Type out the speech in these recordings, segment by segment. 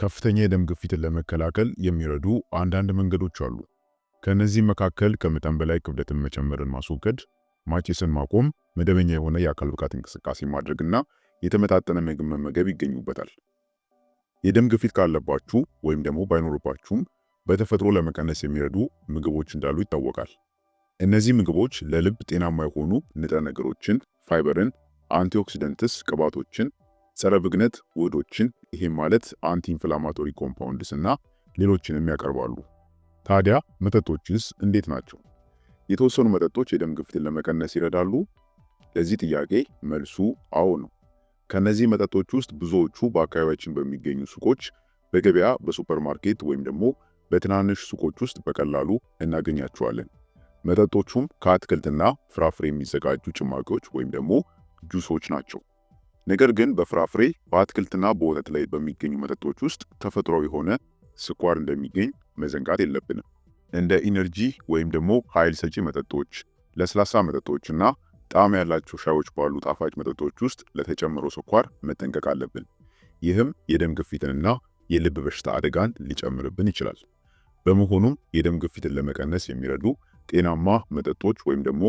ከፍተኛ የደም ግፊትን ለመከላከል የሚረዱ አንዳንድ መንገዶች አሉ። ከነዚህ መካከል ከመጠን በላይ ክብደትን መጨመርን ማስወገድ፣ ማጨስን ማቆም፣ መደበኛ የሆነ የአካል ብቃት እንቅስቃሴ ማድረግና የተመጣጠነ ምግብ መመገብ ይገኙበታል። የደም ግፊት ካለባችሁ ወይም ደግሞ ባይኖርባችሁም በተፈጥሮ ለመቀነስ የሚረዱ ምግቦች እንዳሉ ይታወቃል። እነዚህ ምግቦች ለልብ ጤናማ የሆኑ ንጥረ ነገሮችን፣ ፋይበርን፣ አንቲኦክሲደንትስ፣ ቅባቶችን ጸረ ብግነት ውህዶችን ይህም ማለት አንቲ ኢንፍላማቶሪ ኮምፓውንድስ እና ሌሎችንም ያቀርባሉ። ታዲያ መጠጦችስ እንዴት ናቸው? የተወሰኑ መጠጦች የደም ግፊትን ለመቀነስ ይረዳሉ? ለዚህ ጥያቄ መልሱ አዎ ነው። ከነዚህ መጠጦች ውስጥ ብዙዎቹ በአካባቢያችን በሚገኙ ሱቆች፣ በገበያ፣ በሱፐርማርኬት ወይም ደግሞ በትናንሽ ሱቆች ውስጥ በቀላሉ እናገኛቸዋለን። መጠጦቹም ከአትክልትና ፍራፍሬ የሚዘጋጁ ጭማቂዎች ወይም ደግሞ ጁሶች ናቸው። ነገር ግን በፍራፍሬ በአትክልትና በወተት ላይ በሚገኙ መጠጦች ውስጥ ተፈጥሯዊ የሆነ ስኳር እንደሚገኝ መዘንጋት የለብንም። እንደ ኢነርጂ ወይም ደግሞ ኃይል ሰጪ መጠጦች፣ ለስላሳ መጠጦች እና ጣዕም ያላቸው ሻዮች ባሉ ጣፋጭ መጠጦች ውስጥ ለተጨመረው ስኳር መጠንቀቅ አለብን። ይህም የደም ግፊትንና የልብ በሽታ አደጋን ሊጨምርብን ይችላል። በመሆኑም የደም ግፊትን ለመቀነስ የሚረዱ ጤናማ መጠጦች ወይም ደግሞ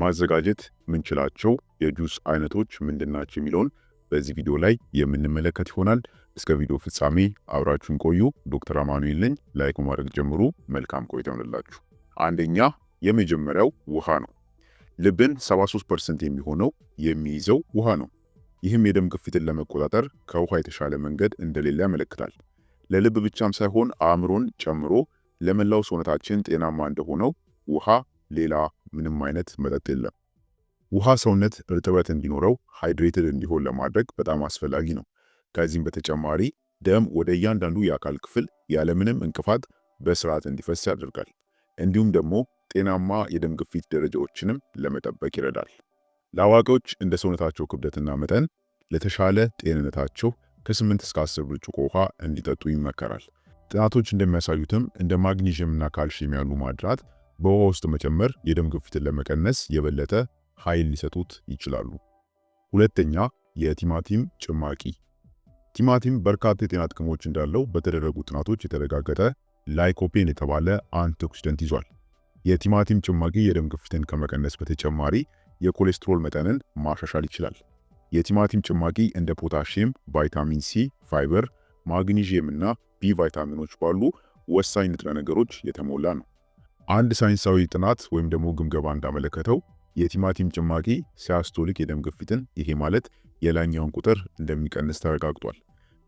ማዘጋጀት ምንችላቸው የጁስ አይነቶች ምንድናቸው የሚለውን በዚህ ቪዲዮ ላይ የምንመለከት ይሆናል። እስከ ቪዲዮ ፍጻሜ አብራችሁን ቆዩ። ዶክተር አማኑኤል ነኝ። ላይክ ማድረግ ጀምሩ። መልካም ቆይታ ይሆንላችሁ። አንደኛ የመጀመሪያው ውሃ ነው። ልብን 73% የሚሆነው የሚይዘው ውሃ ነው። ይህም የደም ግፊትን ለመቆጣጠር ከውሃ የተሻለ መንገድ እንደሌለ ያመለክታል። ለልብ ብቻም ሳይሆን አእምሮን ጨምሮ ለመላው ሰውነታችን ጤናማ እንደሆነው ውሃ ሌላ ምንም አይነት መጠጥ የለም። ውሃ ሰውነት እርጥበት እንዲኖረው ሃይድሬትድ እንዲሆን ለማድረግ በጣም አስፈላጊ ነው። ከዚህም በተጨማሪ ደም ወደ እያንዳንዱ የአካል ክፍል ያለምንም እንቅፋት በስርዓት እንዲፈስ ያደርጋል። እንዲሁም ደግሞ ጤናማ የደም ግፊት ደረጃዎችንም ለመጠበቅ ይረዳል። ለአዋቂዎች እንደ ሰውነታቸው ክብደትና መጠን ለተሻለ ጤንነታቸው ከ8 እስከ 10 ብርጭቆ ውሃ እንዲጠጡ ይመከራል። ጥናቶች እንደሚያሳዩትም እንደ ማግኒዥየምና ካልሽየም ያሉ ማድራት በውሃ ውስጥ መጨመር የደም ግፊትን ለመቀነስ የበለጠ ኃይል ሊሰጡት ይችላሉ። ሁለተኛ፣ የቲማቲም ጭማቂ። ቲማቲም በርካታ የጤና ጥቅሞች እንዳለው በተደረጉ ጥናቶች የተረጋገጠ ላይኮፔን የተባለ አንቲኦክሲደንት ይዟል። የቲማቲም ጭማቂ የደም ግፊትን ከመቀነስ በተጨማሪ የኮሌስትሮል መጠንን ማሻሻል ይችላል። የቲማቲም ጭማቂ እንደ ፖታሺየም፣ ቫይታሚን ሲ፣ ፋይበር፣ ማግኒዥየም እና ቢ ቫይታሚኖች ባሉ ወሳኝ ንጥረ ነገሮች የተሞላ ነው። አንድ ሳይንሳዊ ጥናት ወይም ደግሞ ግምገማ እንዳመለከተው የቲማቲም ጭማቂ ሲያስቶሊክ የደም ግፊትን ይሄ ማለት የላይኛውን ቁጥር እንደሚቀንስ ተረጋግጧል።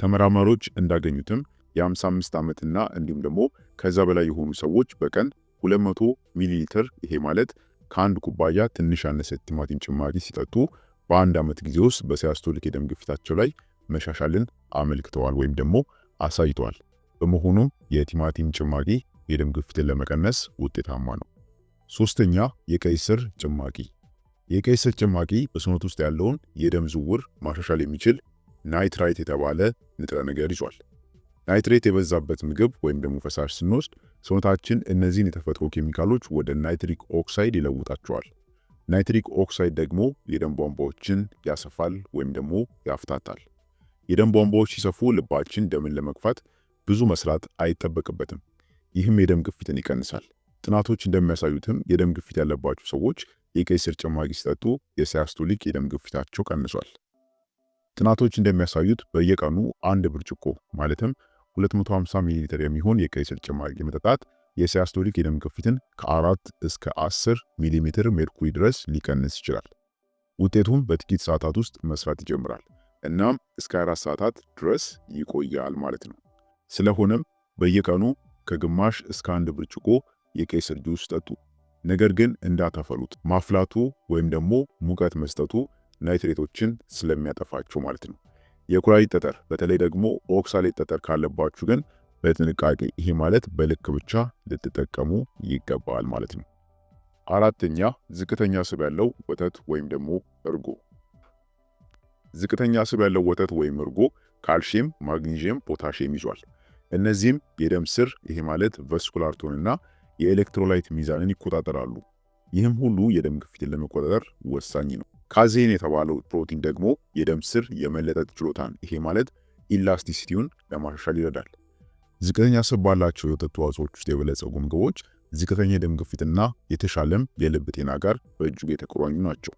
ተመራማሪዎች እንዳገኙትም የ55 ዓመትና እንዲሁም ደግሞ ከዛ በላይ የሆኑ ሰዎች በቀን 200 ሚሊ ሊትር ይሄ ማለት ከአንድ ኩባያ ትንሽ ያነሰ ቲማቲም ጭማቂ ሲጠጡ በአንድ ዓመት ጊዜ ውስጥ በሲያስቶሊክ የደም ግፊታቸው ላይ መሻሻልን አመልክተዋል ወይም ደግሞ አሳይተዋል። በመሆኑም የቲማቲም ጭማቂ የደም ግፊትን ለመቀነስ ውጤታማ ነው። ሶስተኛ የቀይ ስር ጭማቂ። የቀይ ስር ጭማቂ በሰውነት ውስጥ ያለውን የደም ዝውውር ማሻሻል የሚችል ናይትራይት የተባለ ንጥረ ነገር ይዟል። ናይትሬት የበዛበት ምግብ ወይም ደግሞ ፈሳሽ ስንወስድ ሰውነታችን እነዚህን የተፈጥሮ ኬሚካሎች ወደ ናይትሪክ ኦክሳይድ ይለውጣቸዋል። ናይትሪክ ኦክሳይድ ደግሞ የደም ቧንቧዎችን ያሰፋል ወይም ደግሞ ያፍታታል። የደም ቧንቧዎች ሲሰፉ ልባችን ደምን ለመግፋት ብዙ መስራት አይጠበቅበትም። ይህም የደም ግፊትን ይቀንሳል። ጥናቶች እንደሚያሳዩትም የደም ግፊት ያለባቸው ሰዎች የቀይ ስር ጭማቂ ሲጠጡ የሳያስቶሊክ የደም ግፊታቸው ቀንሷል። ጥናቶች እንደሚያሳዩት በየቀኑ አንድ ብርጭቆ ማለትም 250 ሚሊ ሊትር የሚሆን የቀይ ስር ጭማቂ መጠጣት የሳያስቶሊክ የደም ግፊትን ከአራት እስከ 10 ሚሊሜትር ሜርኩሪ ድረስ ሊቀንስ ይችላል። ውጤቱም በጥቂት ሰዓታት ውስጥ መስራት ይጀምራል እናም እስከ አራት ሰዓታት ድረስ ይቆያል ማለት ነው። ስለሆነም በየቀኑ ከግማሽ እስከ አንድ ብርጭቆ የቀይ ስር ጁስ ጠጡ። ነገር ግን እንዳታፈሉት፣ ማፍላቱ ወይም ደግሞ ሙቀት መስጠቱ ናይትሬቶችን ስለሚያጠፋቸው ማለት ነው። የኩላሊት ጠጠር በተለይ ደግሞ ኦክሳሌት ጠጠር ካለባችሁ ግን በጥንቃቄ ይሄ ማለት በልክ ብቻ ልትጠቀሙ ይገባል ማለት ነው። አራተኛ ዝቅተኛ ስብ ያለው ወተት ወይም ደግሞ እርጎ። ዝቅተኛ ስብ ያለው ወተት ወይም እርጎ ካልሽየም፣ ማግኒዥየም፣ ፖታሽየም ይዟል። እነዚህም የደም ስር ይሄ ማለት ቫስኩላር ቶንና የኤሌክትሮላይት ሚዛንን ይቆጣጠራሉ። ይህም ሁሉ የደም ግፊትን ለመቆጣጠር ወሳኝ ነው። ካዜን የተባለው ፕሮቲን ደግሞ የደም ስር የመለጠጥ ችሎታን ይሄ ማለት ኢላስቲሲቲውን ለማሻሻል ይረዳል። ዝቅተኛ ስብ ባላቸው የወተት ተዋጽኦች ውስጥ የበለጸጉ ምግቦች ዝቅተኛ የደም ግፊትና የተሻለም የልብ ጤና ጋር በእጅጉ የተቆራኙ ናቸው።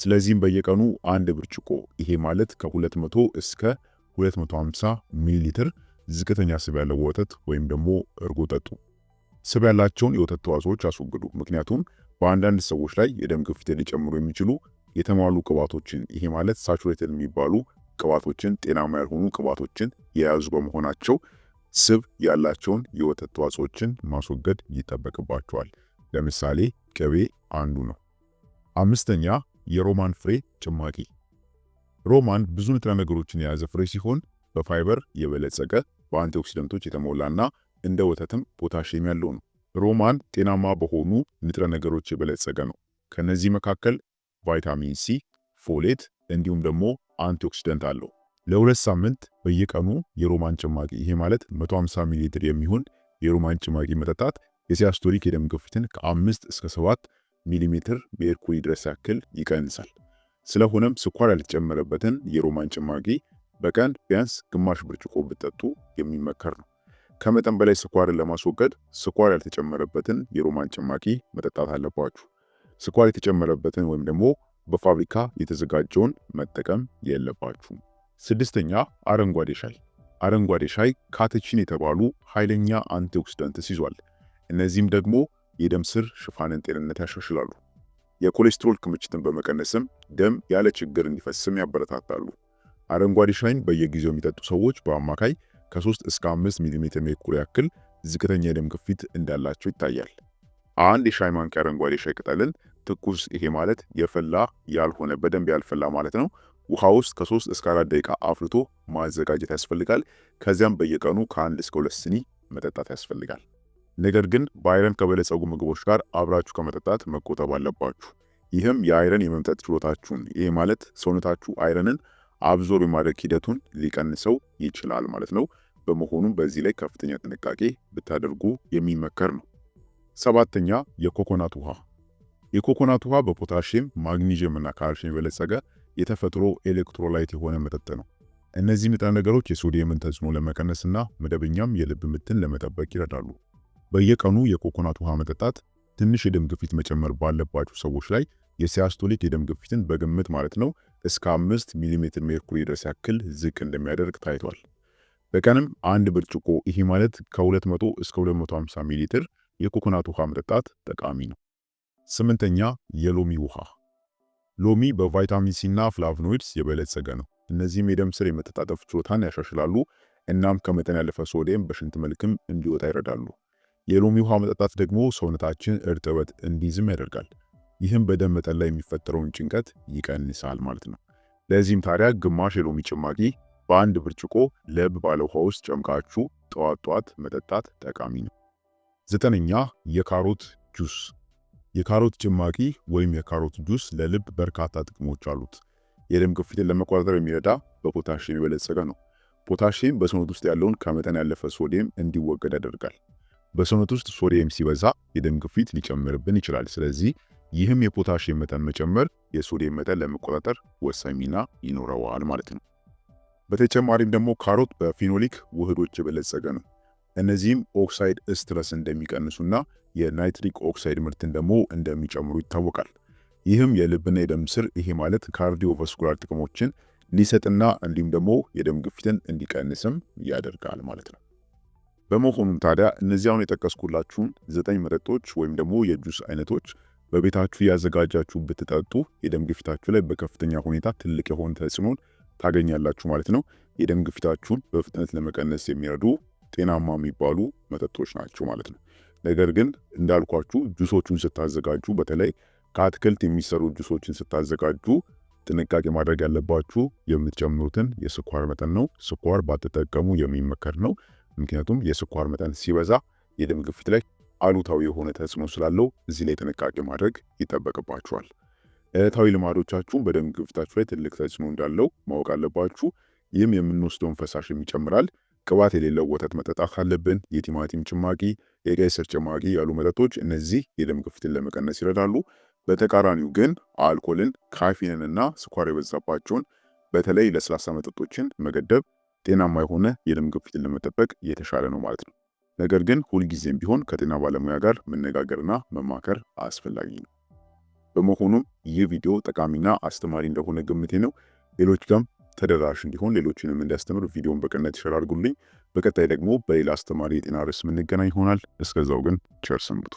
ስለዚህም በየቀኑ አንድ ብርጭቆ ይሄ ማለት ከ200 እስከ 250 ሚሊ ሊትር ዝቅተኛ ስብ ያለው ወተት ወይም ደግሞ እርጎ ጠጡ። ስብ ያላቸውን የወተት ተዋጽኦዎች አስወግዱ፣ ምክንያቱም በአንዳንድ ሰዎች ላይ የደም ግፊት ሊጨምሩ የሚችሉ የተሟሉ ቅባቶችን ይሄ ማለት ሳቹሬትድ የሚባሉ ቅባቶችን፣ ጤናማ ያልሆኑ ቅባቶችን የያዙ በመሆናቸው ስብ ያላቸውን የወተት ተዋጽኦችን ማስወገድ ይጠበቅባቸዋል። ለምሳሌ ቅቤ አንዱ ነው። አምስተኛ የሮማን ፍሬ ጭማቂ። ሮማን ብዙ ንጥረ ነገሮችን የያዘ ፍሬ ሲሆን በፋይበር የበለጸገ በአንቲኦክሲደንቶች የተሞላና እንደ ወተትም ፖታሽም ያለው ነው። ሮማን ጤናማ በሆኑ ንጥረ ነገሮች የበለጸገ ነው። ከነዚህ መካከል ቫይታሚን ሲ፣ ፎሌት እንዲሁም ደግሞ አንቲኦክሲደንት አለው። ለሁለት ሳምንት በየቀኑ የሮማን ጭማቂ ይሄ ማለት 150 ሚሊ ሊትር የሚሆን የሮማን ጭማቂ መጠጣት የሲያስቶሊክ የደም ግፊትን ከ5 እስከ 7 ሚሊ ሜትር ድረስ ያክል ይቀንሳል። ስለሆነም ስኳር ያልተጨመረበትን የሮማን ጭማቂ በቀን ቢያንስ ግማሽ ብርጭቆ ብጠጡ የሚመከር ነው። ከመጠን በላይ ስኳርን ለማስወገድ ስኳር ያልተጨመረበትን የሮማን ጭማቂ መጠጣት አለባችሁ። ስኳር የተጨመረበትን ወይም ደግሞ በፋብሪካ የተዘጋጀውን መጠቀም የለባችሁም። ስድስተኛ አረንጓዴ ሻይ። አረንጓዴ ሻይ ካቴችን የተባሉ ኃይለኛ አንቲኦክሲዳንትስ ይዟል። እነዚህም ደግሞ የደም ስር ሽፋንን ጤንነት ያሻሽላሉ። የኮሌስትሮል ክምችትን በመቀነስም ደም ያለ ችግር እንዲፈስም ያበረታታሉ። አረንጓዴ ሻይን በየጊዜው የሚጠጡ ሰዎች በአማካይ ከ3 እስከ 5 ሚሊሜትር ሜርኩሪ ያክል ዝቅተኛ የደም ግፊት እንዳላቸው ይታያል። አንድ የሻይ ማንኪያ አረንጓዴ ሻይ ቅጠልን ትኩስ፣ ይሄ ማለት የፈላ ያልሆነ በደንብ ያልፈላ ማለት ነው፣ ውሃ ውስጥ ከ3 እስከ 4 ደቂቃ አፍልቶ ማዘጋጀት ያስፈልጋል። ከዚያም በየቀኑ ከ1 እስከ 2 ስኒ መጠጣት ያስፈልጋል። ነገር ግን በአይረን ከበለጸጉ ምግቦች ጋር አብራችሁ ከመጠጣት መቆጠብ አለባችሁ። ይህም የአይረን የመምጠጥ ችሎታችሁን ይሄ ማለት ሰውነታችሁ አይረንን አብዞርብ የማድረግ ሂደቱን ሊቀንሰው ይችላል ማለት ነው። በመሆኑም በዚህ ላይ ከፍተኛ ጥንቃቄ ብታደርጉ የሚመከር ነው። ሰባተኛ የኮኮናት ውሃ። የኮኮናት ውሃ በፖታሽየም ማግኒዥየም እና ካልሽየም የበለጸገ የተፈጥሮ ኤሌክትሮላይት የሆነ መጠጥ ነው። እነዚህ ንጥረ ነገሮች የሶዲየምን ተጽዕኖ ለመቀነስና መደበኛም የልብ ምትን ለመጠበቅ ይረዳሉ። በየቀኑ የኮኮናት ውሃ መጠጣት ትንሽ የደም ግፊት መጨመር ባለባቸው ሰዎች ላይ የሲያስቶሊክ የደም ግፊትን በግምት ማለት ነው እስከ አምስት ሚሊሜትር ሜርኩሪ ድረስ ያክል ዝቅ እንደሚያደርግ ታይቷል። በቀንም አንድ ብርጭቆ ይሄ ማለት ከ200 እስከ 250 ሚሊ ሊትር የኮኮናት ውሃ መጠጣት ጠቃሚ ነው። ስምንተኛ የሎሚ ውሃ። ሎሚ በቫይታሚን ሲ እና ፍላቮኖይድስ የበለጸገ ነው። እነዚህም የደም ስር የመጠጣጠፍ ችሎታን ያሻሽላሉ፣ እናም ከመጠን ያለፈ ሶዲየም በሽንት መልክም እንዲወጣ ይረዳሉ። የሎሚ ውሃ መጠጣት ደግሞ ሰውነታችን እርጥበት እንዲዝም ያደርጋል። ይህም በደም መጠን ላይ የሚፈጠረውን ጭንቀት ይቀንሳል ማለት ነው። ለዚህም ታዲያ ግማሽ የሎሚ ጭማቂ በአንድ ብርጭቆ ለብ ባለ ውሃ ውስጥ ጨምቃችሁ ጠዋት ጠዋት መጠጣት ጠቃሚ ነው። ዘጠነኛ የካሮት ጁስ። የካሮት ጭማቂ ወይም የካሮት ጁስ ለልብ በርካታ ጥቅሞች አሉት። የደም ግፊትን ለመቆጣጠር የሚረዳ በፖታሽየም የበለጸገ ነው። ፖታሽየም በሰውነት ውስጥ ያለውን ከመጠን ያለፈ ሶዲየም እንዲወገድ ያደርጋል። በሰውነት ውስጥ ሶዲየም ሲበዛ የደም ግፊት ሊጨምርብን ይችላል። ስለዚህ ይህም የፖታሽየም መጠን መጨመር የሶዲየም መጠን ለመቆጣጠር ወሳኝ ሚና ይኖረዋል ማለት ነው። በተጨማሪም ደግሞ ካሮት በፊኖሊክ ውህዶች የበለጸገ ነው። እነዚህም ኦክሳይድ ስትረስ እንደሚቀንሱና የናይትሪክ ኦክሳይድ ምርትን ደግሞ እንደሚጨምሩ ይታወቃል። ይህም የልብና የደም ስር ይሄ ማለት ካርዲዮቫስኩላር ጥቅሞችን ሊሰጥና እንዲሁም ደግሞ የደም ግፊትን እንዲቀንስም ያደርጋል ማለት ነው። በመሆኑም ታዲያ እነዚያውን የጠቀስኩላችሁን ዘጠኝ መጠጦች ወይም ደግሞ የጁስ አይነቶች በቤታችሁ ያዘጋጃችሁ ብትጠጡ የደም ግፊታችሁ ላይ በከፍተኛ ሁኔታ ትልቅ የሆነ ተጽዕኖን ታገኛላችሁ ማለት ነው። የደም ግፊታችሁን በፍጥነት ለመቀነስ የሚረዱ ጤናማ የሚባሉ መጠጦች ናቸው ማለት ነው። ነገር ግን እንዳልኳችሁ ጁሶቹን ስታዘጋጁ፣ በተለይ ከአትክልት የሚሰሩ ጁሶችን ስታዘጋጁ ጥንቃቄ ማድረግ ያለባችሁ የምትጨምሩትን የስኳር መጠን ነው። ስኳር ባትጠቀሙ የሚመከር ነው። ምክንያቱም የስኳር መጠን ሲበዛ የደም ግፊት ላይ አሉታዊ የሆነ ተጽዕኖ ስላለው እዚህ ላይ ጥንቃቄ ማድረግ ይጠበቅባችኋል። እለታዊ ልማዶቻችሁን በደም ግፊታችሁ ላይ ትልቅ ተጽዕኖ እንዳለው ማወቅ አለባችሁ። ይህም የምንወስደውን ፈሳሽም ይጨምራል። ቅባት የሌለው ወተት መጠጣት ካለብን የቲማቲም ጭማቂ፣ የቀይ ስር ጭማቂ ያሉ መጠጦች፣ እነዚህ የደም ግፊትን ለመቀነስ ይረዳሉ። በተቃራኒው ግን አልኮልን፣ ካፊንንና ስኳር የበዛባቸውን በተለይ ለስላሳ መጠጦችን መገደብ ጤናማ የሆነ የደም ግፊትን ለመጠበቅ የተሻለ ነው ማለት ነው። ነገር ግን ሁልጊዜም ቢሆን ከጤና ባለሙያ ጋር መነጋገርና መማከር አስፈላጊ ነው። በመሆኑም ይህ ቪዲዮ ጠቃሚና አስተማሪ እንደሆነ ግምቴ ነው። ሌሎች ጋም ተደራሽ እንዲሆን ሌሎችንም እንዲያስተምር ቪዲዮን በቅነት ይሸራርጉልኝ። በቀጣይ ደግሞ በሌላ አስተማሪ የጤና ርዕስ የምንገናኝ ይሆናል። እስከዛው ግን ቸር ሰንብቱ።